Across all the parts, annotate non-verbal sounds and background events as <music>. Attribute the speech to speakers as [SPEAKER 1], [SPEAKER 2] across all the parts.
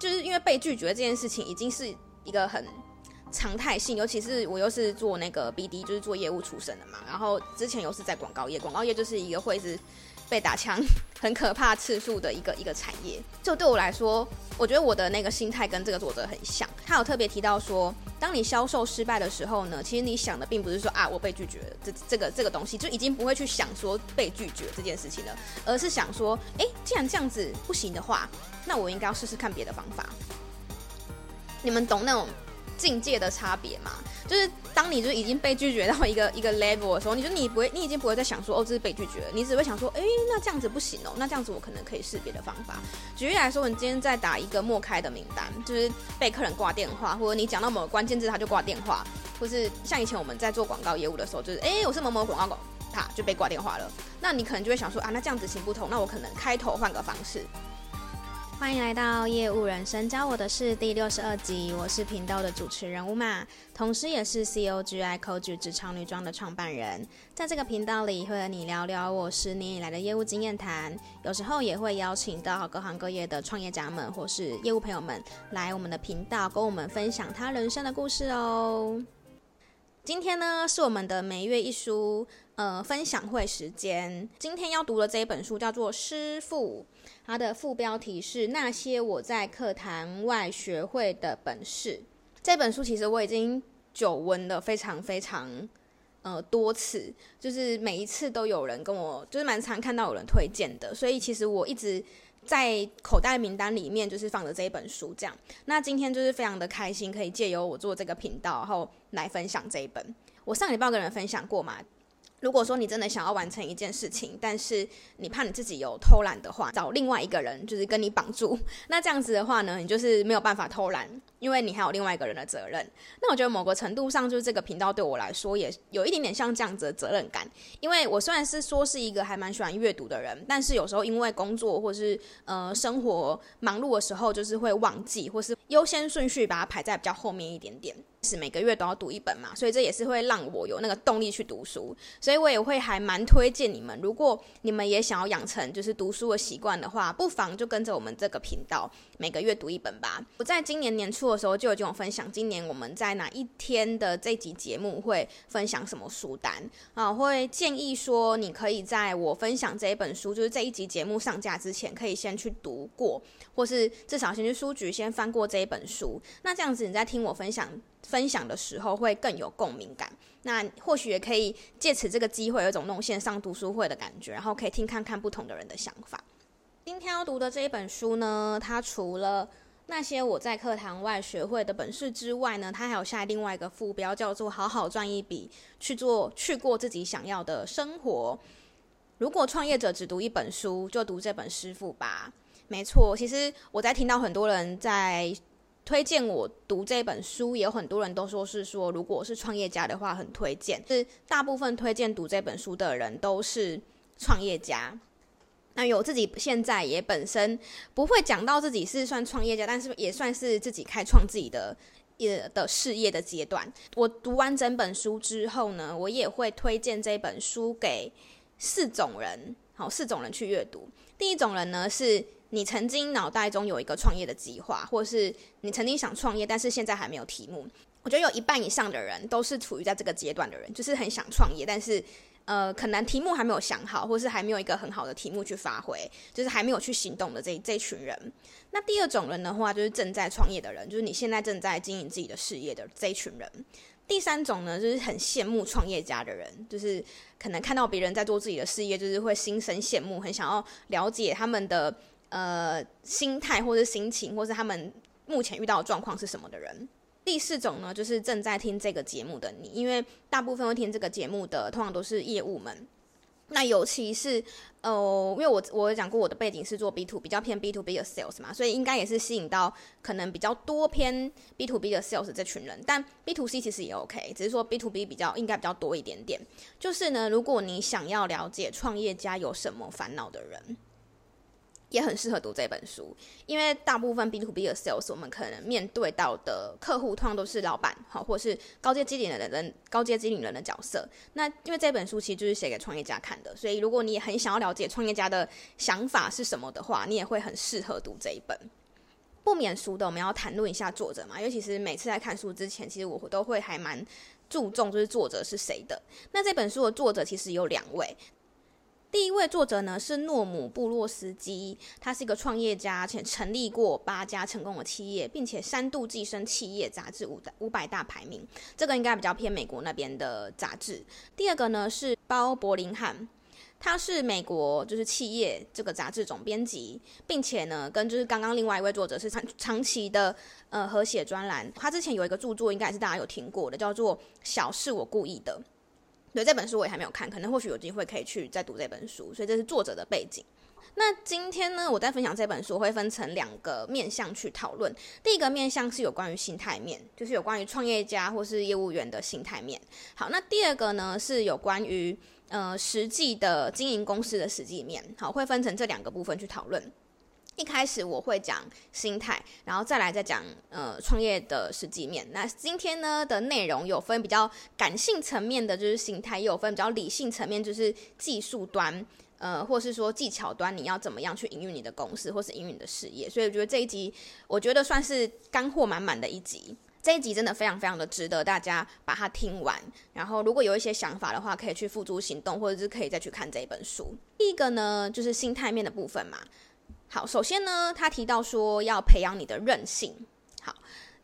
[SPEAKER 1] 就是因為被拒絕這件事情已經是一個很常態性，尤其是我又是做那個 BD，就是做業務出身的嘛，然後之前又是在廣告業，廣告業就是一個會是。被打槍很可怕次數的一個一個產業，就對我來說，我覺得我的那個心態跟這個作者很像。他有特別提到說，當你銷售失敗的時候呢，其實你想的並不是說啊我被拒絕了，這這個這個東西就已經不會去想說被拒絕這件事情了，而是想說，誒、欸，既然這樣子不行的話，那我應該要試試看別的方法。你們懂那種？境界的差別嘛，就是當你就是已經被拒絕到一個一個 level 的時候，你就你不會，你已經不會再想說哦，這是被拒絕了，你只會想說，哎、欸，那這樣子不行哦、喔，那這樣子我可能可以試別的方法。舉例來說，我們今天在打一個陌開的名單，就是被客人掛電話，或者你講到某個關鍵字他就掛電話，或是像以前我們在做廣告業務的時候，就是哎、欸，我是某某廣告公司，他、啊、就被掛電話了。那你可能就會想說啊，那這樣子行不通，那我可能開頭換個方式。歡迎來到業務人生教我的事第六十二集，我是頻道的主持人 Uma，同時也是 COGI VIBE 職場女裝的創辦人，在這個頻道裡會和你聊聊我十年以來的業務經驗談，有時候也會邀請到各行各業的創業家們或是業務朋友們來我們的頻道，跟我們分享他人生的故事哦。今天呢是我們的每月一書。呃，分享會時間，今天要讀的這一本書叫做《師父》，它的副標題是“那些我在課堂外學會的本事”。這本書其實我已經久聞了，非常非常呃多次，就是每一次都有人跟我，就是蠻常看到有人推薦的，所以其實我一直在口袋名單裡面，就是放着這一本書。這樣，那今天就是非常的開心，可以借由我做這個頻道，然後來分享這一本。我上禮拜有跟人分享過嘛。如果說你真的想要完成一件事情，但是你怕你自己有偷懶的話，找另外一個人就是跟你綁住，那這樣子的話呢，你就是沒有辦法偷懶，因為你還有另外一個人的責任。那我覺得某個程度上，就是這個頻道對我來說也有一點點像這樣子的責任感。因為我雖然是說是一個還蠻喜歡閱讀的人，但是有時候因為工作或是呃生活忙碌的時候，就是會忘記，或是優先順序把它排在比較後面一點點。是每個月都要讀一本嘛，所以這也是會讓我有那個動力去讀書，所以我也會還蠻推薦你們，如果你們也想要養成就是讀書的習慣的話，不妨就跟着我們這個頻道每個月讀一本吧。我在今年年初的時候就有這種分享，今年我們在哪一天的這集節目會分享什麼書單啊，我會建議說你可以在我分享這一本書，就是這一集節目上架之前，可以先去讀過，或是至少先去書局先翻過這一本書，那這樣子你在聽我分享。分享的時候會更有共鳴感。那或許也可以借此這個機會，有種弄線上讀書會的感覺，然後可以聽看看不同的人的想法。今天要讀的這一本書呢，它，除了那些我在課堂外學會的本事之外呢，它還有下另外一個副標叫做“好好賺一筆，去做去過自己想要的生活”。如果創業者只讀一本書，就讀這本《師父》吧。沒錯，其實我在聽到很多人在。推薦我讀這本書，也有很多人都說是說，如果我是創業家的話，很推薦。就是大部分推薦讀這本書的人都是創業家。那我自己現在也本身不會講到自己是算創業家，但是也算是自己開創自己的業的事業的階段。我讀完整本書之後呢，我也會推薦這本書給四種人，好，四種人去閱讀。第一種人呢是你曾經腦袋中有一個創業的計劃，或是你曾經想創業，但是現在還沒有題目。我覺得有一半以上的人都是處於在這個階段的人，就是很想創業，但是呃，可能題目還沒有想好，或是還沒有一個很好的題目去發揮，就是還沒有去行動的這這群人。那第二種人的話，就是正在創業的人，就是你現在正在經營自己的事業的這群人。第三種呢，就是很羨慕創業家的人，就是可能看到別人在做自己的事業，就是會心生羨慕，很想要了解他們的。呃，心態或者是心情，或是他們目前遇到的狀況是什麼的人。第四種呢，就是正在聽這個節目的你，因為大部分會聽這個節目的，通常都是業務們。那尤其是，哦、呃，因為我我有講過我的背景是做 B two 比較偏 B two B 的 sales 嘛，所以應該也是吸引到可能比較多偏 B two B 的 sales 這群人。但 B two C 其實也 OK，只是說 B two B 比較應該比較多一點點。就是呢，如果你想要了解創業家有什麼煩惱的人。也很適合讀這本書，因為大部分 B to B 的 sales，我們可能面對到的客戶通常都是老板，好，或是高階經理人的高階經理人的角色。那因為這本書其實就是寫給創業家看的，所以如果你也很想要了解創業家的想法是什麼的話，你也會很適合讀這一本。不免俗的，我們要談論一下作者嘛，尤其是每次在看書之前，其實我都會還蠻注重就是作者是誰的。那這本書的作者其實有兩位。第一位作者呢，是諾姆布洛斯基，他是一個創業家，且成立過八家成功的企業，並且三度躋身《企業》雜誌五百五百大排名。這個應該比較偏美國那邊的雜誌。第二個呢，是包伯林漢，他是美國就是《企業》這個雜誌總編輯，並且呢，跟就是剛剛另外一位作者是長長期的呃合寫專欄。他之前有一個著作，應該也是大家有聽過的，叫做《小事我故意的》。所以這本書我也還沒有看，可能或許有機會可以去再讀這本書，所以這是作者的背景。那今天呢，我在分享這本書我會分成兩個面向去討論，第一個面向是有關於心態面，就是有關於創業家或是業務員的心態面。好，那第二個呢是有關於呃實際的經營公司的實際面。好，會分成這兩個部分去討論。一開始我會講心態，然後再來再講呃創業的實際面。那今天的呢的內容有分比較感性層面的，就是心態；也有分比較理性層面，就是技術端呃，或是說技巧端，你要怎麼樣去營運你的公司，或是營運你的事業。所以我覺得這一集，我覺得算是乾貨滿滿的一集。這一集真的非常非常的值得大家把它聽完。然後如果有一些想法的話，可以去付諸行動，或者是可以再去看這一本書。第一個呢，就是心態面的部分嘛。好，首先呢，他提到說要培養你的韌性。好，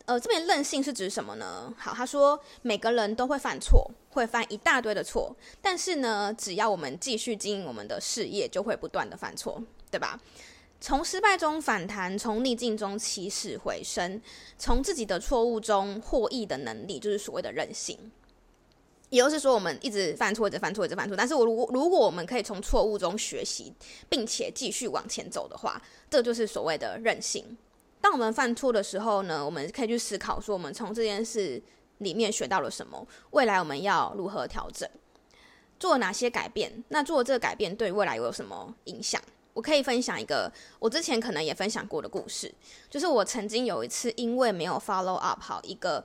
[SPEAKER 1] 呃，這邊韌性是指什麼呢？好，他說每個人都會犯錯，會犯一大堆的錯，但是呢，只要我們繼續經營我們的事業，就會不斷的犯錯，對吧？從失敗中反彈，從逆境中起死回生，從自己的錯誤中獲益的能力，就是所謂的韌性。也就是說，我們一直犯錯，一直犯錯，一直犯錯。但是我如果如果我們可以從錯誤中學習，並且繼續往前走的話，這就是所謂的韌性。當我們犯錯的時候呢，我們可以去思考說，我們從這件事裡面學到了什麼，未來我們要如何調整，做哪些改變。那做這個改變對未來有什麼影響？我可以分享一個我之前可能也分享過的故事，就是我曾經有一次因為沒有 follow up 好一個。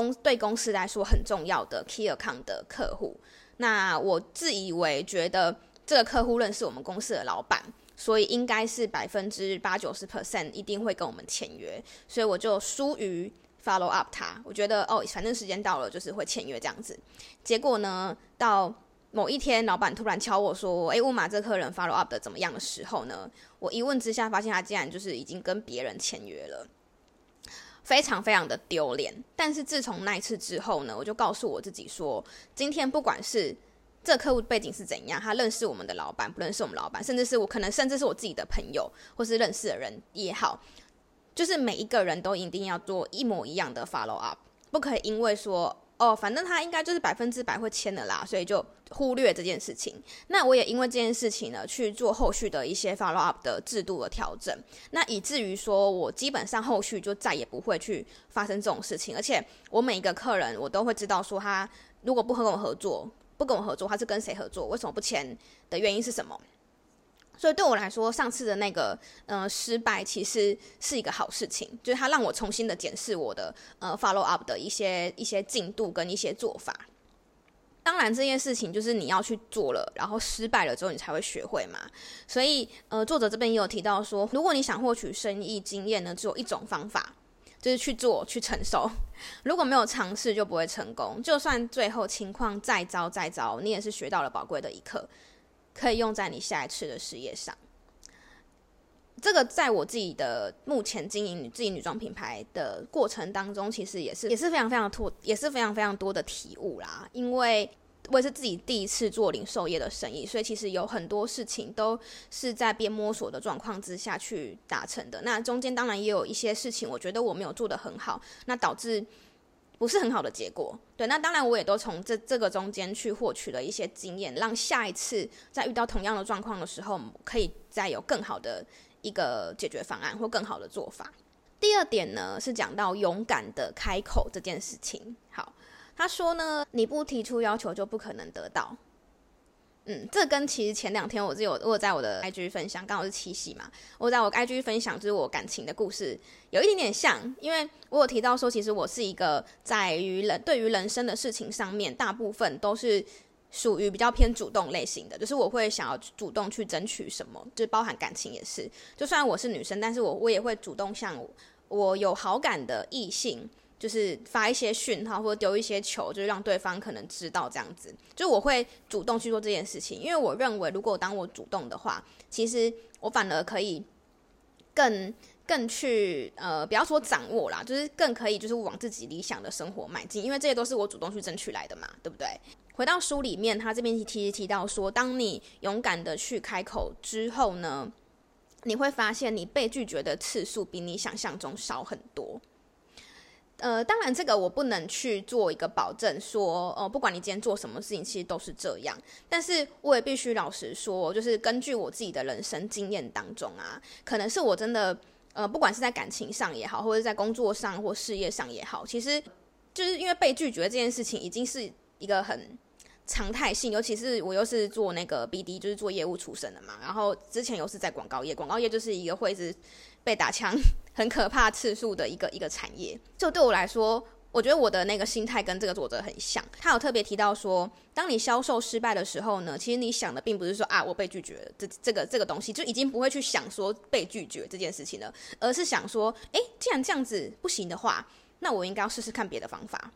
[SPEAKER 1] 公對公司來說很重要的 key account 的客戶，那我自以為覺得這個客戶認識我們公司的老闆，所以應該是百分之八九十 percent 一定會跟我們簽約，所以我就疏於 follow up 他。我覺得哦，反正時間到了就是會簽約這樣子。結果呢，到某一天老闆突然敲我說，哎，Uma 這客人 follow up 的怎麼樣的時候呢，我一問之下發現他竟然就是已經跟別人簽約了。非常非常的丟臉，但是自從那一次之後呢，我就告訴我自己說，今天不管是這客戶背景是怎樣，他認識我們的老闆，不認識我們老闆，甚至是我可能甚至是我自己的朋友或是認識的人也好，就是每一個人都一定要做一模一樣的 follow up，不可以因為說。哦，反正他應該就是百分之百會簽的啦，所以就忽略這件事情。那我也因為這件事情呢，去做後續的一些 follow up 的制度的調整。那以至於說我基本上後續就再也不會去發生這種事情。而且我每一個客人，我都會知道說他如果不和我合作，不跟我合作，他是跟誰合作？為什麼不簽的原因是什麼？所以對我來說，上次的那個嗯、呃、失敗，其實是一個好事情，就是它讓我重新的檢視我的呃 follow up 的一些一些進度跟一些做法。當然，這件事情就是你要去做了，然後失敗了之後，你才會學會嘛。所以呃，作者這邊也有提到說，如果你想獲取生意經驗呢，只有一種方法，就是去做去承受。如果沒有嘗試，就不會成功。就算最後情況再糟再糟，你也是學到了寶貴的一課。可以用在你下一次的事業上。這個在我自己的目前經營自己女裝品牌的過程當中，其實也是也是非常非常多，也是非常非常多的體悟啦。因為我也是自己第一次做零售業的生意，所以其實有很多事情都是在邊摸索的狀況之下去達成的。那中間當然也有一些事情，我覺得我沒有做得很好，那導致。不是很好的結果，對。那當然，我也都從這這個中間去獲取了一些經驗，讓下一次再遇到同樣的狀況的時候，可以再有更好的一個解決方案或更好的做法。第二點呢，是講到勇敢的開口這件事情。好，他說呢，你不提出要求就不可能得到。嗯，這跟其實前兩天我是有，我有在我的 IG 分享，剛好是七夕嘛，我在我 IG 分享就是我感情的故事，有一點點像，因為我有提到說，其實我是一個在於人對於人生的事情上面，大部分都是屬於比較偏主動類型的，就是我會想要主動去爭取什麼，就包含感情也是，就算我是女生，但是我我也會主動向我，我有好感的異性。就是發一些訊號，或者丟一些球，就是讓對方可能知道這樣子。就是我會主動去做這件事情，因為我認為，如果當我主動的話，其實我反而可以更更去呃，不要說掌握啦，就是更可以就是往自己理想的生活邁進。因為這些都是我主動去爭取來的嘛，對不對？回到書裡面，他這邊提提到說，當你勇敢的去開口之後呢，你會發現你被拒絕的次數比你想象中少很多。呃，當然這個我不能去做一個保證說，說呃，不管你今天做什麼事情，其實都是這樣。但是我也必須老實說，就是根據我自己的人生經驗當中啊，可能是我真的呃，不管是在感情上也好，或者在工作上或事業上也好，其實就是因為被拒絕這件事情已經是一個很常態性，尤其是我又是做那個 BD，就是做業務出身的嘛，然後之前又是在廣告業，廣告業就是一個會一直被打槍。很可怕次數的一個一個產業，就對我來說，我覺得我的那個心態跟這個作者很像。他有特別提到說，當你銷售失敗的時候呢，其實你想的並不是說啊我被拒絕了，這這個這個東西就已經不會去想說被拒絕這件事情了，而是想說，哎、欸，既然這樣子不行的話，那我應該要試試看別的方法。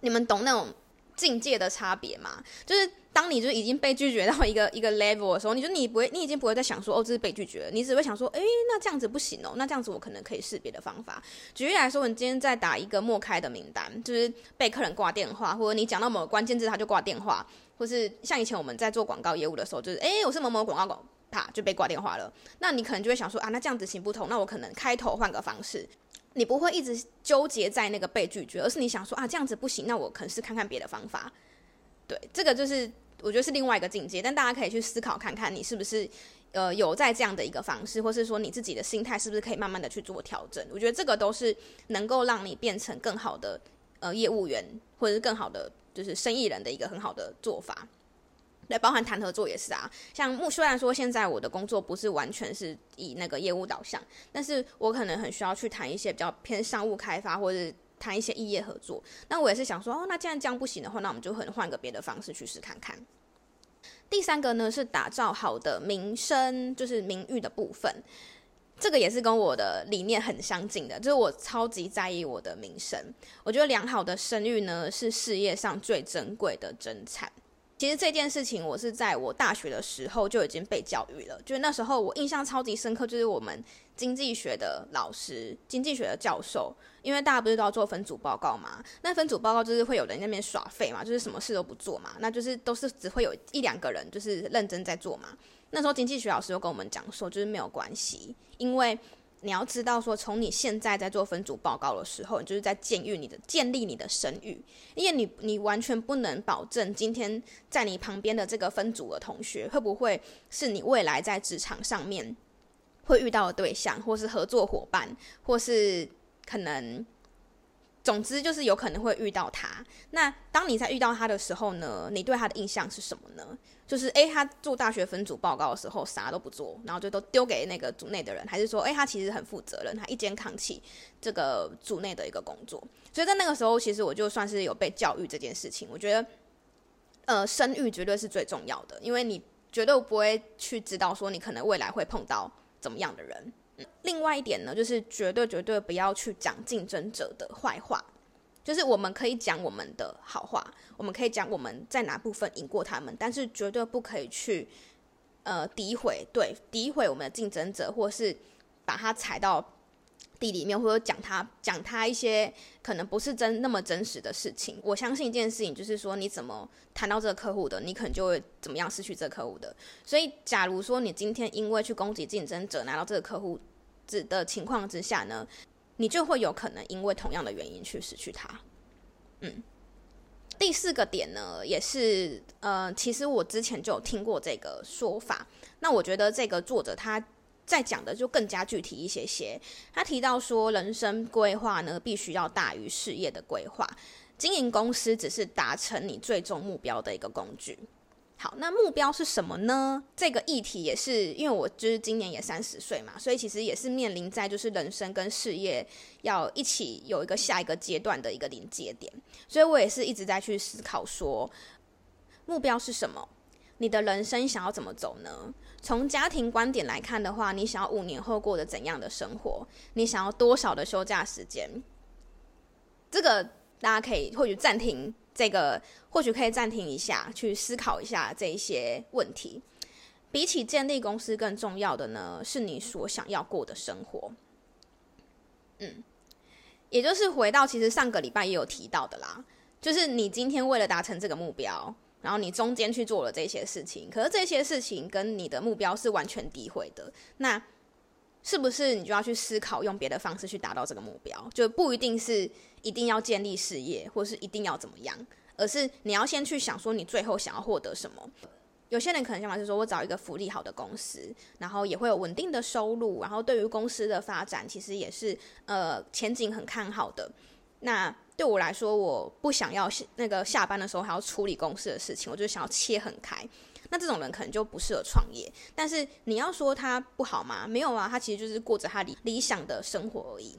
[SPEAKER 1] 你們懂那種境界的差別嗎？就是。當你就已經被拒絕到一個一個 level 的時候，你就你不會，你已經不會再想說哦，這是被拒絕了，你只會想說，哎、欸，那這樣子不行哦，那這樣子我可能可以試別的方法。舉例來說，你今天在打一個陌開的名單，就是被客人掛電話，或者你講到某個關鍵字他就掛電話，或是像以前我們在做廣告業務的時候，就是哎、欸，我是某某廣告廣，啪、啊、就被掛電話了。那你可能就會想說啊，那這樣子行不通，那我可能開頭換個方式。你不會一直糾結在那個被拒絕，而是你想說啊，這樣子不行，那我可能是看看別的方法。對，這個就是我覺得是另外一個境界，但大家可以去思考看看，你是不是呃有在這樣的一個方式，或是說你自己的心態是不是可以慢慢的去做調整？我覺得這個都是能夠讓你變成更好的呃業務員，或者是更好的就是生意人的一個很好的做法。對，包含談合作也是啊，像雖然說現在我的工作不是完全是以那個業務導向，但是我可能很需要去談一些比較偏商務開發或者。談一些異業合作，那我也是想說哦，那既然這樣不行的話，那我們就可能換個別的方式去試看看。第三個呢是打造好的名聲，就是名譽的部分，這個也是跟我的理念很相近的，就是我超級在意我的名聲，我覺得良好的聲譽呢是事業上最珍貴的資產。其實這件事情，我是在我大學的時候就已經被教育了。就是那時候，我印象超級深刻，就是我們經濟學的老師、經濟學的教授，因為大家不是都要做分組報告嘛？那分組報告就是會有人在那邊耍廢嘛，就是什麼事都不做嘛，那就是都是只會有一兩個人就是認真在做嘛。那時候經濟學老師又跟我們講說，就是沒有關係，因為。你要知道，說，從你現在在做分組報告的時候，你就是在建立你的、建立你的聲譽，因為你你完全不能保證今天在你旁邊的這個分組的同學會不會是你未來在職場上面會遇到的對象，或是合作夥伴，或是可能，總之就是有可能會遇到他。那當你在遇到他的時候呢，你對他的印象是什麼呢？就是誒、欸，他做大學分組報告的時候啥都不做，然後就都丟給那個組內的人，還是說誒、欸，他其實很負責任，他一肩扛起這個組內的一個工作。所以在那個時候，其實我就算是有被教育這件事情。我覺得，呃，聲譽絕對是最重要的，因為你絕對不會去知道說你可能未來會碰到怎麼樣的人。嗯，另外一點呢，就是絕對絕對不要去講競爭者的壞話。就是我們可以講我們的好話，我們可以講我們在哪部分贏過他們，但是絕對不可以去呃詆毀，對，詆毀我們的競爭者，或是把他踩到地裡面，或者講他講他一些可能不是真那麼真實的事情。我相信一件事情，就是說你怎麼談到這個客戶的，你可能就會怎麼樣失去這個客戶的。所以，假如說你今天因為去攻擊競爭者拿到這個客戶的情況之下呢，你就會有可能因為同樣的原因去失去他，嗯。第四個點呢，也是呃，其實我之前就有聽過這個說法。那我覺得這個作者他在講的就更加具體一些些。他提到說，人生規劃呢，必須要大於事業的規劃，經營公司只是達成你最終目標的一個工具。好，那目標是什麼呢？這個議題也是因為我就是今年也三十歲嘛，所以其實也是面臨在就是人生跟事業要一起有一個下一個階段的一個臨界點，所以我也是一直在去思考說目標是什麼？你的人生想要怎麼走呢？從家庭觀點來看的話，你想要五年後過的怎樣的生活？你想要多少的休假時間？這個大家可以或許暫停這個。或許可以暫停一下，去思考一下這一些問題。比起建立公司更重要的呢，是你所想要過的生活。嗯，也就是回到其實上個禮拜也有提到的啦，就是你今天為了達成這個目標，然後你中間去做了這些事情，可是這些事情跟你的目標是完全詆毀的。那是不是你就要去思考用別的方式去達到這個目標？就不一定是一定要建立事業，或是一定要怎麼樣。而是你要先去想說你最後想要獲得什麼。有些人可能想法是說，我找一個福利好的公司，然後也會有穩定的收入，然後對於公司的發展其實也是呃前景很看好的。那對我來說，我不想要那個下班的時候還要處理公司的事情，我就想要切很開。那這種人可能就不適合創業。但是你要說他不好嗎？沒有啊，他其實就是過着他理理想的生活而已。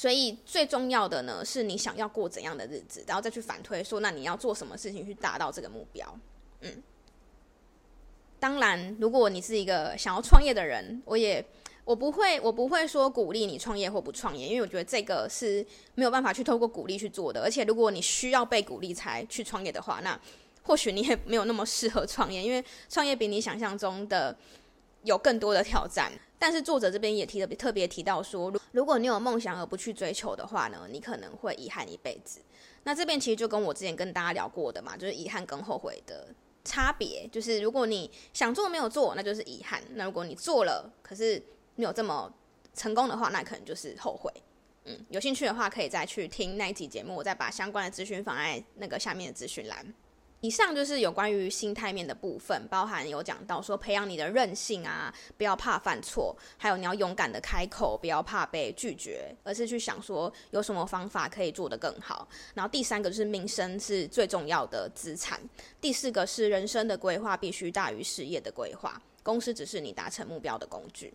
[SPEAKER 1] 所以最重要的呢，是你想要過怎樣的日子，然後再去反推說，那你要做什麼事情去達到這個目標？嗯，當然，如果你是一個想要創業的人，我也我不會我不會說鼓勵你創業或不創業，因為我覺得這個是沒有辦法去透過鼓勵去做的。而且，如果你需要被鼓勵才去創業的話，那或許你也沒有那麼適合創業，因為創業比你想象中的有更多的挑戰。但是作者這邊也提了，特別提到說，如果你有夢想而不去追求的話呢，你可能會遺憾一輩子。那這邊其實就跟我之前跟大家聊過的嘛，就是遺憾跟後悔的差別。就是如果你想做沒有做，那就是遺憾；那如果你做了，可是沒有這麼成功的話，那可能就是後悔。嗯，有興趣的話可以再去聽那一集節目，我再把相關的資訊放在那個下面的資訊欄。以上就是有關於心態面的部分，包含有講到說培養你的韌性啊，不要怕犯錯，還有你要勇敢的開口，不要怕被拒絕，而是去想說有什麼方法可以做得更好。然後第三個就是名聲是最重要的資產，第四個是人生的規劃必須大於事業的規劃，公司只是你達成目標的工具。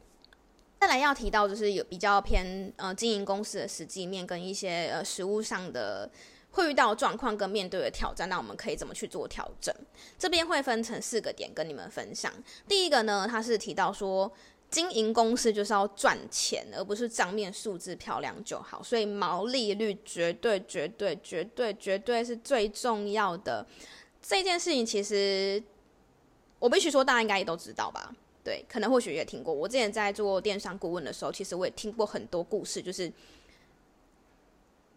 [SPEAKER 1] 再來要提到就是有比較偏呃經營公司的實際面跟一些呃實務上的，會遇到狀況跟面對的挑戰，那我們可以怎麼去做調整？這邊會分成四個點跟你們分享。第一個呢，他是提到說，經營公司就是要賺錢，而不是賬面數字漂亮就好。所以毛利率絕對、絕對、絕對、絕對是最重要的。這件事情其實，我必須說，大家應該也都知道吧？對，可能或許也聽過。我之前在做電商顧問的時候，其實我也聽過很多故事，就是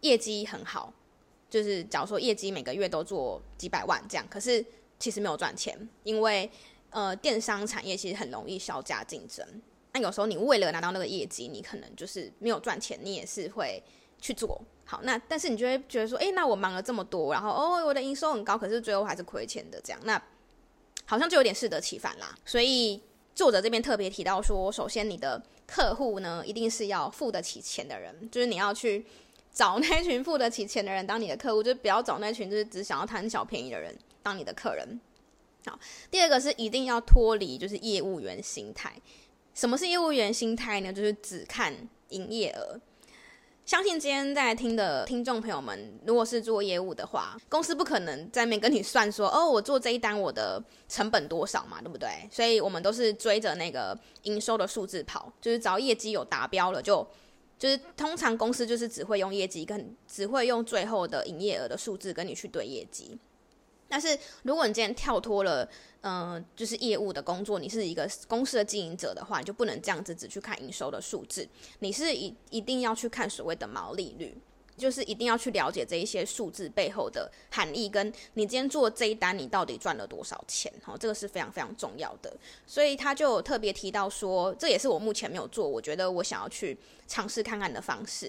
[SPEAKER 1] 業績很好。就是假如說業績每個月都做幾百萬這樣，可是其實沒有賺錢，因為呃電商產業其實很容易削價競爭。那有時候你為了拿到那個業績，你可能就是沒有賺錢，你也是會去做好。那但是你就會覺得說，哎，那我忙了這麼多，然後哦我的營收很高，可是最後還是虧錢的這樣，那好像就有點適得其反啦。所以作者這邊特別提到說，首先你的客戶呢，一定是要付得起錢的人，就是你要去。找那群付得起錢的人當你的客戶，就不要找那群就是只想要貪小便宜的人當你的客人。好，第二個是一定要脫離就是業務員心態。什麼是業務員心態呢？就是只看營業額。相信，今天在聽的聽眾朋友們，如果是做業務的話，公司不可能在外面跟你算說，哦，我做這一單我的成本多少嘛，對不對？所以我們都是追着那個營收的數字跑，就是只要業績有達標了就。就是通常公司就是只會用業績跟只會用最後的營業額的數字跟你去對業績，但是如果你今天跳脫了，嗯、呃，就是業務的工作，你是一個公司的經營者的話，你就不能這樣子只去看營收的數字，你是一一定要去看所謂的毛利率。就是一定要去了解這一些數字背後的含義，跟你今天做這一單，你到底賺了多少錢？哦，這個是非常非常重要的。所以他就特別提到說，這也是我目前沒有做，我覺得我想要去嘗試看看的方式。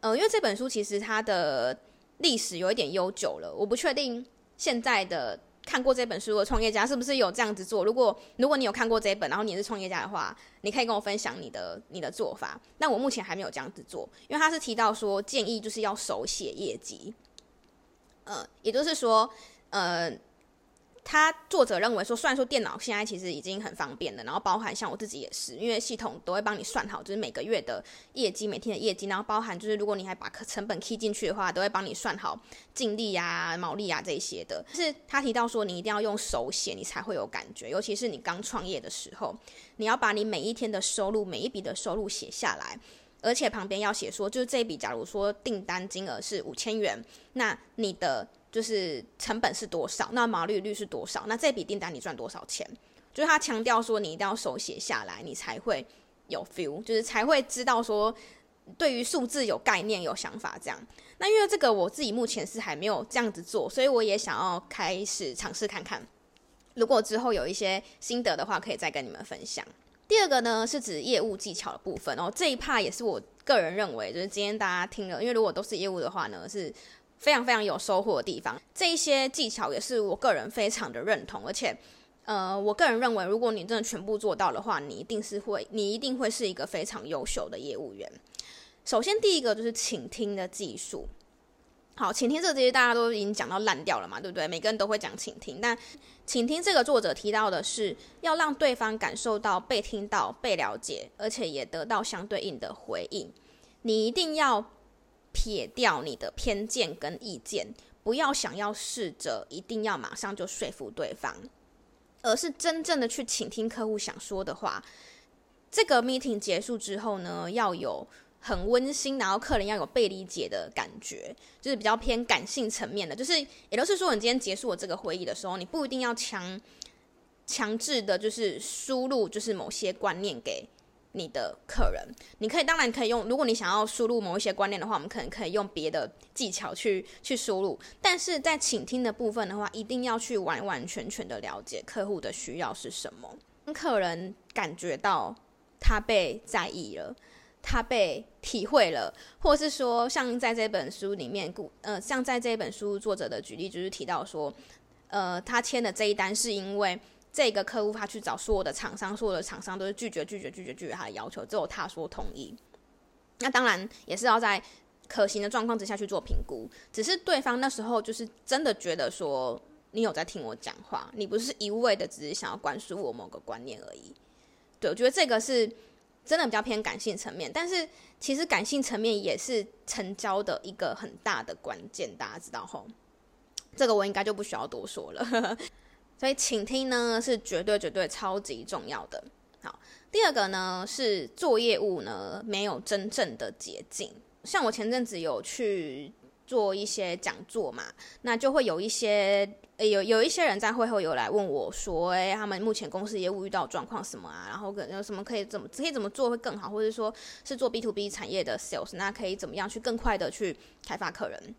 [SPEAKER 1] 嗯、呃，因為這本書其實它的歷史有一點悠久了，我不確定現在的。看過這本書的創業家是不是有這樣子做？如果如果你有看過這本，然後你是創業家的話，你可以跟我分享你的你的做法。但我目前還沒有這樣子做，因為他是提到說，建議就是要手寫業績，嗯、呃，也就是說，嗯、呃。他作者認為說，雖然說電腦現在其實已經很方便了，然後包含像我自己也是，因為系統都會幫你算好，就是每個月的業績、每天的業績，然後包含就是如果你還把成本 key 進去的話，都會幫你算好淨利呀、毛利呀、啊、這些的。但是他提到說，你一定要用手寫，你才會有感覺，尤其是你剛創業的時候，你要把你每一天的收入、每一筆的收入寫下來，而且旁邊要寫說，就是這一筆，假如說訂單金額是五千元，那你的。就是成本是多少，那毛利率是多少，那這筆訂單你賺多少錢？就是他強調說，你一定要手寫下來，你才會有 feel，就是才會知道說，對於數字有概念、有想法這樣。那因為這個我自己目前是還沒有這樣子做，所以我也想要開始嘗試看看，如果之後有一些心得的話，可以再跟你們分享。第二個呢是指業務技巧的部分，哦。這一 part 也是我個人認為，就是今天大家聽了，因為如果都是業務的話呢是。非常非常有收穫的地方，這一些技巧也是我個人非常的認同，而且，呃，我個人認為，如果你真的全部做到的話，你一定是會，你一定會是一個非常優秀的業務員。首先，第一個就是傾聽的技術。好，傾聽這個其實大家都已經講到爛掉了嘛，對不對？每個人都會講傾聽，但傾聽這個作者提到的是要讓對方感受到被聽到、被了解，而且也得到相對應的回應。你一定要。撇掉你的偏見跟意見，不要想要試着一定要馬上就說服對方，而是真正的去傾聽客戶想說的話。這個 meeting 結束之後呢，要有很溫馨，然後客人要有被理解的感覺，就是比較偏感性層面的。就是也都是說，你今天結束我這個會議的時候，你不一定要強強制的，就是輸入就是某些觀念給，你的客人，你可以，當然可以用。如果你想要輸入某一些觀念的話，我們可能可以用別的技巧去去輸入。但是在傾聽的部分的話，一定要去完完全全的了解客戶的需要是什麼。客人感覺到他被在意了，他被體會了，或是說像在這本書裡面故，呃，像在這本書作者的舉例就是提到說，呃，他簽的這一單是因為。這個客戶他去找所有的廠商，所有的廠商都是拒絕，拒絕，拒絕，拒絕他的要求，只有他說同意。那當然也是要在可行的狀況之下去做評估。只是對方那時候就是真的覺得說你有在聽我講話，你不是一味的只是想要灌輸我某個觀念而已。對，我覺得這個是真的比較偏感性層面，但是其實感性層面也是成交的一個很大的關鍵。大家知道吼，這個我應該就不需要多說了。 <laughs> 所以傾聽呢是絕對絕對超級重要的。好，第二個呢是做業務呢沒有真正的捷徑。像我前陣子有去做一些講座嘛，那就會有一些、欸、有有一些人在會後有來問我說，哎、欸，他們目前公司業務遇到狀況什麼啊？然後有什麼可以怎麼可以怎麼做會更好？或者說是做 B to B 產業的 sales，那可以怎麼樣去更快的去開發客人？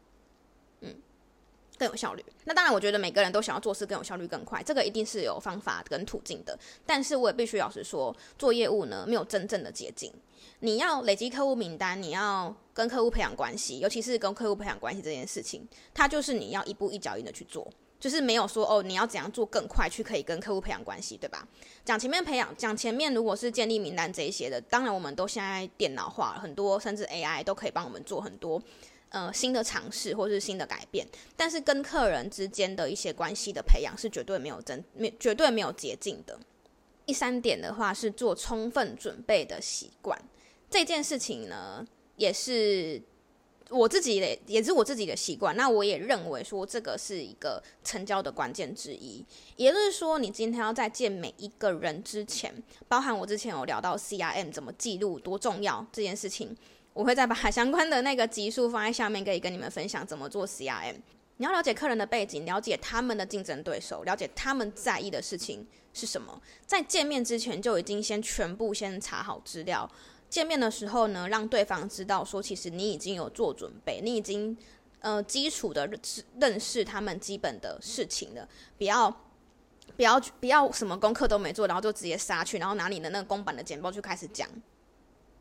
[SPEAKER 1] 更有效率。那當然，我覺得每個人都想要做事更有效率、更快，這個一定是有方法跟途徑的。但是我也必須老實說，做業務呢沒有真正的捷徑。你要累積客戶名單，你要跟客戶培養關係，尤其是跟客戶培養關係這件事情，它就是你要一步一腳印的去做，就是沒有說哦你要怎樣做更快去可以跟客戶培養關係，對吧？講前面培養，講前面如果是建立名單這一些的，當然我們都現在電腦化了很多，甚至 AI 都可以幫我們做很多。呃，新的嘗試或是新的改變，但是跟客人之間的一些關係的培養，是絕對沒有真，沒絕對沒有捷徑的。第三點的話是做充分準備的習慣，這件事情呢也是我自己的，也是我自己的習慣。那我也認為說這個是一個成交的關鍵之一，也就是說你今天要在見每一個人之前，包含我之前有聊到 CRM 怎麼記錄多重要這件事情。我會再把相關的那個集數放在下面，可以跟你們分享怎麼做 CRM。你要了解客人的背景，了解他們的競爭對手，了解他們在意的事情是什麼。在見面之前就已經先全部先查好資料，見面的時候呢，讓對方知道說其實你已經有做準備，你已經呃基礎的認識，認識他們基本的事情了。不要不要不要什麼功課都沒做，然後就直接殺去，然後拿你的那個公版的簡報就開始講。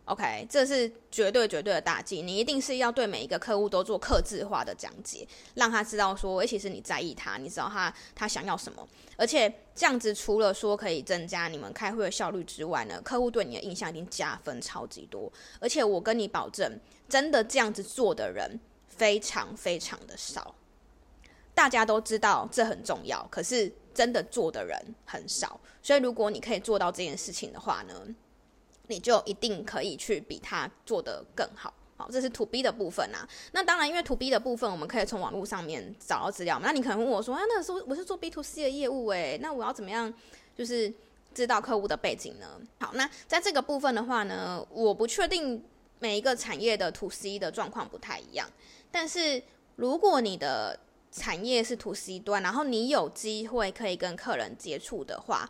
[SPEAKER 1] OK，這是絕對絕對的大忌。你一定是要對每一個客戶都做客製化的講解，讓他知道說，尤其是你在意他，你知道他他想要什麼。而且這樣子，除了說可以增加你們開會的效率之外呢，客戶對你的印象已經加分超級多。而且我跟你保證，真的這樣子做的人非常非常的少。大家都知道這很重要，可是真的做的人很少。所以如果你可以做到這件事情的話呢，你就一定可以去比他做得更好，好，這是 To B 的部分啊。那當然，因為 To B 的部分，我們可以從網絡上面找到資料。那你可能問我說：“啊，那個是、我、我是做 B to C 的業務哎、欸，那我要怎麼樣，就是知道客戶的背景呢？”好，那在這個部分的話呢，我不確定每一個產業的 To C 的狀況不太一樣，但是如果你的產業是 To C 端，然後你有機會可以跟客人接觸的話。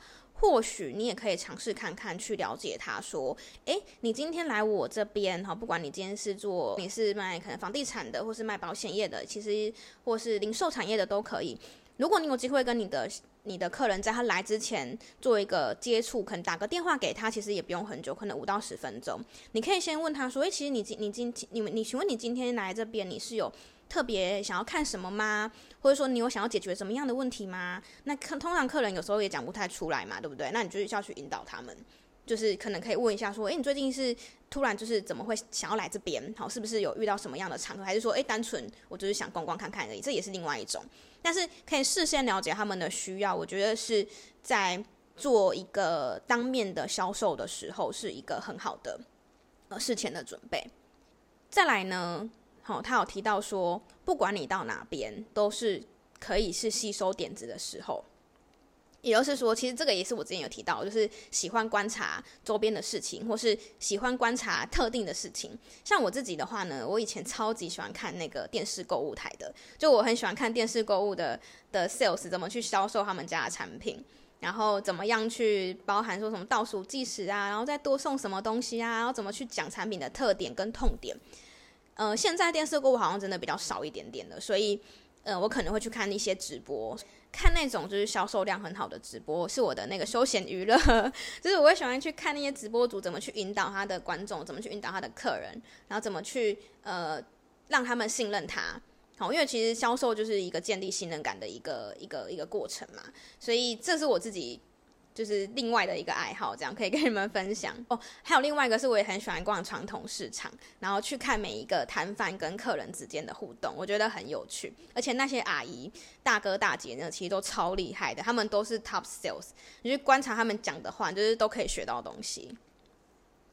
[SPEAKER 1] 或許你也可以嘗試看看去了解他，說，欸，你今天來我這邊哈，不管你今天是做你是賣可能房地產的，或是賣保險業的，其實或是零售產業的都可以。如果你有機會跟你的你的客人在他來之前做一個接觸，可能打個電話給他，其實也不用很久，可能五到十分鐘，你可以先問他說，欸，其實你今你今你們你，你，你請問你今天來這邊你是有。特別想要看什麼嗎？或者說你有想要解決什麼樣的問題嗎？那看通常客人有時候也講不太出來嘛，對不對？那你就是要去引導他們，就是可能可以問一下說，欸，你最近是突然就是怎麼會想要來這邊？好，是不是有遇到什麼樣的場合？還是說，欸，單純我就是想逛逛看看而已？這也是另外一種。但是可以事先了解他們的需要，我覺得是在做一個當面的銷售的時候，是一個很好的呃事前的準備。再來呢？好、哦，他有提到說，不管你到哪邊，都是可以是吸收點子的時候。也就是說，其實這個也是我之前有提到，就是喜歡觀察周邊的事情，或是喜歡觀察特定的事情。像我自己的話呢，我以前超級喜歡看那個電視購物台的，就我很喜歡看電視購物的的 sales 怎麼去銷售他們家的產品，然後怎麼樣去包含說什麼倒數計時啊，然後再多送什麼東西啊，然後怎麼去講產品的特點跟痛點。呃，現在電視購物好像真的比較少一點點了，所以，呃，我可能會去看一些直播，看那種就是銷售量很好的直播，是我的那個休閒娛樂，就是我會喜歡去看那些直播主怎麼去引導他的觀眾，怎麼去引導他的客人，然後怎麼去呃讓他們信任他，好，因為其實銷售就是一個建立信任感的一個一個一個過程嘛，所以這是我自己。就是另外的一個愛好，這樣可以跟你們分享哦。還有另外一個是，我也很喜歡逛傳統市場，然後去看每一個攤販跟客人之間的互動，我覺得很有趣。而且那些阿姨、大哥、大姐呢，其實都超厲害的，他們都是 top sales。你去觀察他們講的話，就是都可以學到東西。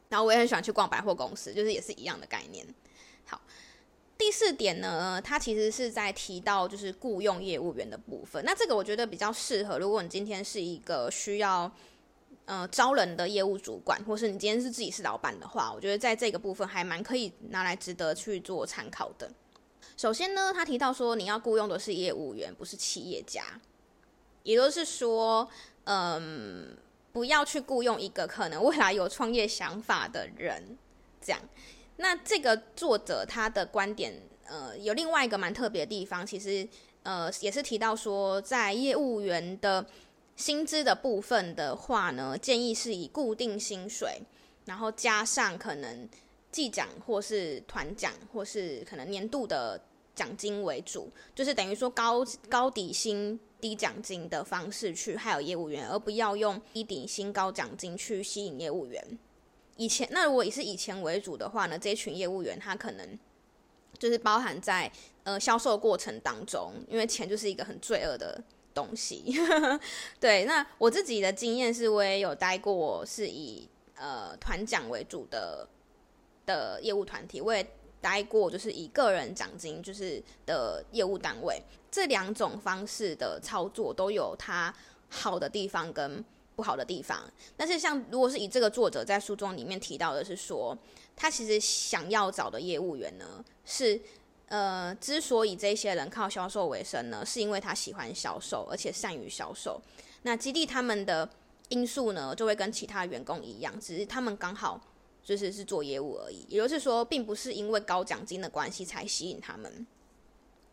[SPEAKER 1] 然後我也很喜歡去逛百貨公司，就是也是一樣的概念。好。第四點呢，他其實是在提到就是雇傭業務員的部分。那這個我覺得比較適合，如果你今天是一個需要，呃，招人的業務主管，或是你今天是自己是老闆的話，我覺得在這個部分還蠻可以拿來值得去做參考的。首先呢，他提到說你要雇傭的是業務員，不是企業家，也就是說，嗯，不要去雇傭一個可能未來有創業想法的人，這樣。那這個作者他的觀點，呃，有另外一個蠻特別的地方，其實，呃，也是提到說，在業務員的薪資的部分的話呢，建議是以固定薪水，然後加上可能季獎或是團獎或是可能年度的獎金為主，就是等於說高高底薪低獎金的方式去還有業務員，而不要用低底薪高獎金去吸引業務員。以前，那如果也是以錢為主的話呢，這群業務員他可能就是包含在呃銷售過程當中，因為錢就是一個很罪惡的東西呵呵。對，那我自己的經驗是，我也有待過，是以呃團獎為主的的業務團體，我也待過，就是以個人獎金就是的業務單位，這兩種方式的操作都有它好的地方跟。不好的地方，但是像如果是以這個作者在書中裡面提到的是說，他其實想要找的業務員呢，是呃，之所以這些人靠銷售為生呢，是因為他喜歡銷售，而且善於銷售。那激勵他們的因素呢，就會跟其他員工一樣，只是他們剛好就是是做業務而已。也就是說，並不是因為高獎金的關係才吸引他們。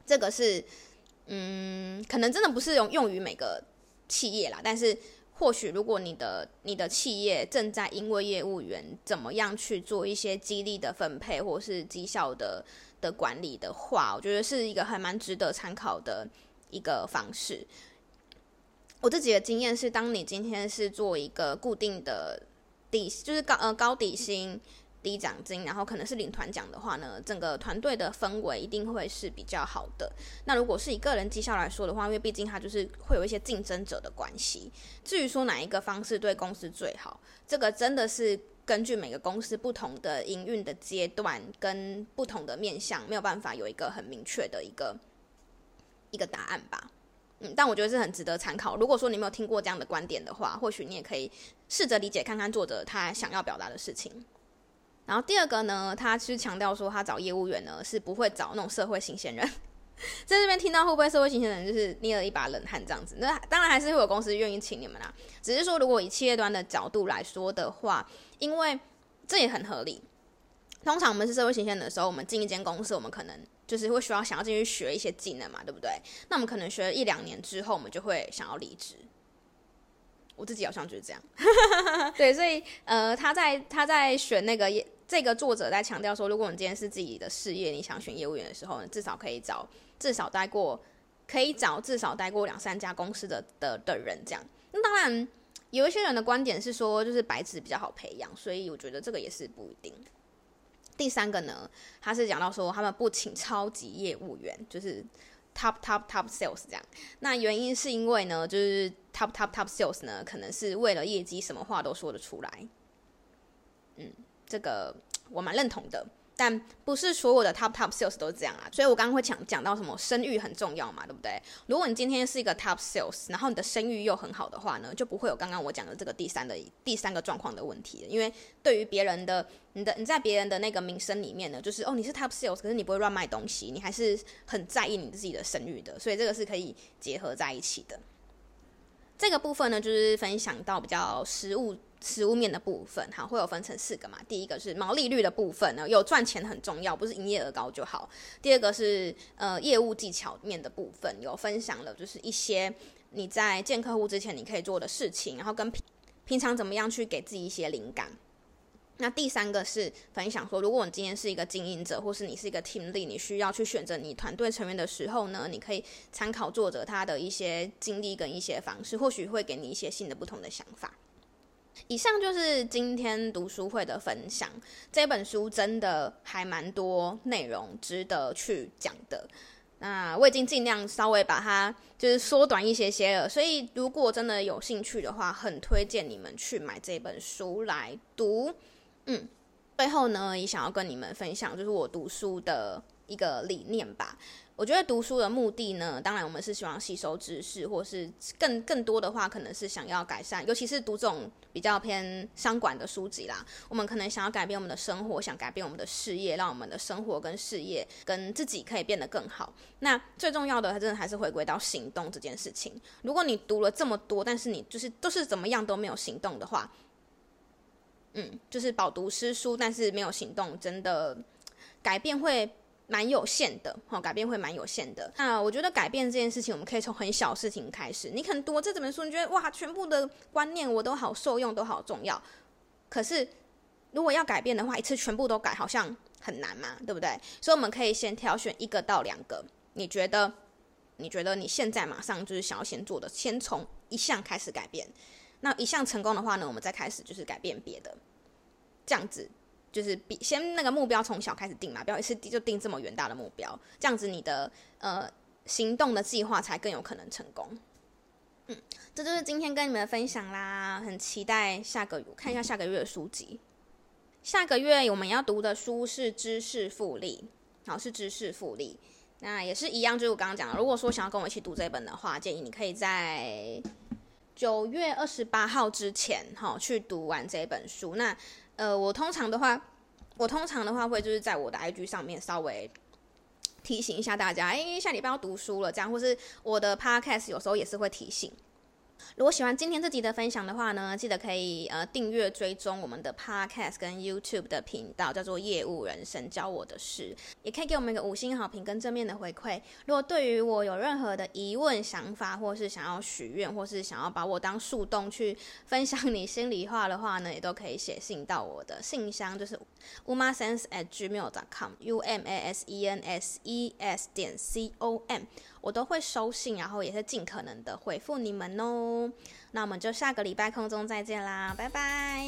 [SPEAKER 1] 這個是嗯，可能真的不是用用於每個企業啦，但是。或許，如果你的你的企業正在因為業務員怎麼樣去做一些激勵的分配，或是績效的的管理的話，我覺得是一個還蠻值得參考的一個方式。我自己的經驗是，當你今天是做一個固定的底，就是高呃高底薪。低獎金，然後可能是領團獎的話呢，整個團隊的氛圍一定會是比較好的。那如果是以個人績效來說的話，因為畢竟它就是會有一些競爭者的關係。至於說哪一個方式對公司最好，這個真的是根據每個公司不同的營運的階段跟不同的面向，沒有辦法有一個很明確的一個一個答案吧。嗯，但我覺得是很值得參考。如果說你沒有聽過這樣的觀點的話，或許你也可以試着理解看看作者他想要表達的事情。然後第二個呢，他是強調說，他找業務員呢是不會找那種社會新鮮人。 <laughs> 在這邊聽到會不會社會新鮮人，就是捏了一把冷汗這樣子。那當然還是會有公司願意請你們啦。只是說如果以企業端的角度來說的話，因為這也很合理。通常我們是社會新鮮人的時候，我們進一間公司，我們可能就是會需要想要進去學一些技能嘛，對不對？那我們可能學了一兩年之後，我們就會想要離職。我自己好像就是這樣。 <laughs> 對，所以呃，他在他在選那個業。這個作者在強調說，如果你今天是自己的事業，你想選業務員的時候，至少可以找至少待過，可以找至少待過兩三家公司的的的人。這樣，那當然有一些人的觀點是說，就是白紙比較好培養，所以我覺得這個也是不一定。第三個呢，他是講到說，他們不請超級業務員，就是 top top top sales 這樣。那原因是因為呢，就是 top top top sales 呢，可能是為了業績，什麼話都說得出來。嗯。這個我蠻認同的，但不是所有的 top top sales 都是這樣啊。所以我剛剛會講講到什麼聲譽很重要嘛，對不對？如果你今天是一個 top sales，然後你的聲譽又很好的話呢，就不會有剛剛我講的這個第三的第三個狀況的問題了。因為對於別人的你的你在別人的那個名聲裡面呢，就是哦你是 top sales，可是你不會亂賣東西，你還是很在意你自己的聲譽的。所以這個是可以結合在一起的。這個部分呢，就是分享到比較實務，實務面的部分，哈，會有分成四個嘛。第一個是毛利率的部分呢，有賺錢很重要，不是營業額高就好。第二個是呃業務技巧面的部分，有分享的就是一些你在見客戶之前你可以做的事情，然後跟平平常怎麼樣去給自己一些靈感。那第三個是分享說，如果你今天是一個經營者，或是你是一個 team leader，你需要去選擇你團隊成員的時候呢，你可以參考作者他的一些經歷跟一些方式，或許會給你一些新的不同的想法。以上就是今天讀書會的分享，這本書真的還蠻多內容值得去講的，那我已經盡量稍微把它就是縮短一些些了。所以如果真的有興趣的話，很推薦你們去買這本書來讀。嗯，最後呢，也想要跟你們分享，就是我讀書的一個理念吧。我覺得讀書的目的呢，當然我們是希望吸收知識，或是更更多的話，可能是想要改善，尤其是讀這種比較偏商管的書籍啦，我們可能想要改變我們的生活，想改變我們的事業，讓我們的生活跟事業跟自己可以變得更好。那最重要的，它真的還是回歸到行動這件事情。如果你讀了這麼多，但是你就是都是怎麼樣都沒有行動的話，嗯，就是飽讀詩書，但是沒有行動，真的改變會。蠻有限的，哈、哦，改變會蠻有限的。那我覺得改變這件事情，我們可以從很小事情開始。你可能讀這整本書，你覺得哇，全部的觀念我都好受用，都好重要。可是如果要改變的話，一次全部都改，好像很難嘛，對不對？所以我們可以先挑選一個到兩個，你覺得你覺得你現在馬上就是想要先做的，先從一項開始改變。那一項成功的話呢，我們再開始就是改變別的，這樣子。就是比先那個目標從小開始定嘛，不要一次就定這麼遠大的目標，這樣子你的呃行動的計劃才更有可能成功。嗯，這就是今天跟你們的分享啦，很期待下個月。看一下下個月的書籍，下個月我們要讀的書是《知識複利》，好，是《知識複利》。那也是一樣，就是我剛剛講的，如果說想要跟我一起讀這一本的話，建議你可以在九月二十八號之前哈去讀完這本書。那呃，我通常的話，我通常的話會就是在我的 IG 上面稍微提醒一下大家，因為，欸，下禮拜要讀書了，這樣或是我的 Podcast 有時候也是會提醒。如果喜歡今天這集的分享的話呢，記得可以呃訂閱追蹤我們的 Podcast 跟 YouTube 的頻道，叫做《業務人生教我的事》，也可以給我們一個五星好評跟正面的回饋。如果對於我有任何的疑問、想法，或是想要許願，或是想要把我當樹洞去分享你心裡話的話呢，也都可以寫信到我的信箱，就是 umasenses@gmail.com，u m a s e n s e s 點 c o m。我都會收信，然後也是盡可能的回復你們哦。那我們就下個禮拜空中再見啦，拜拜。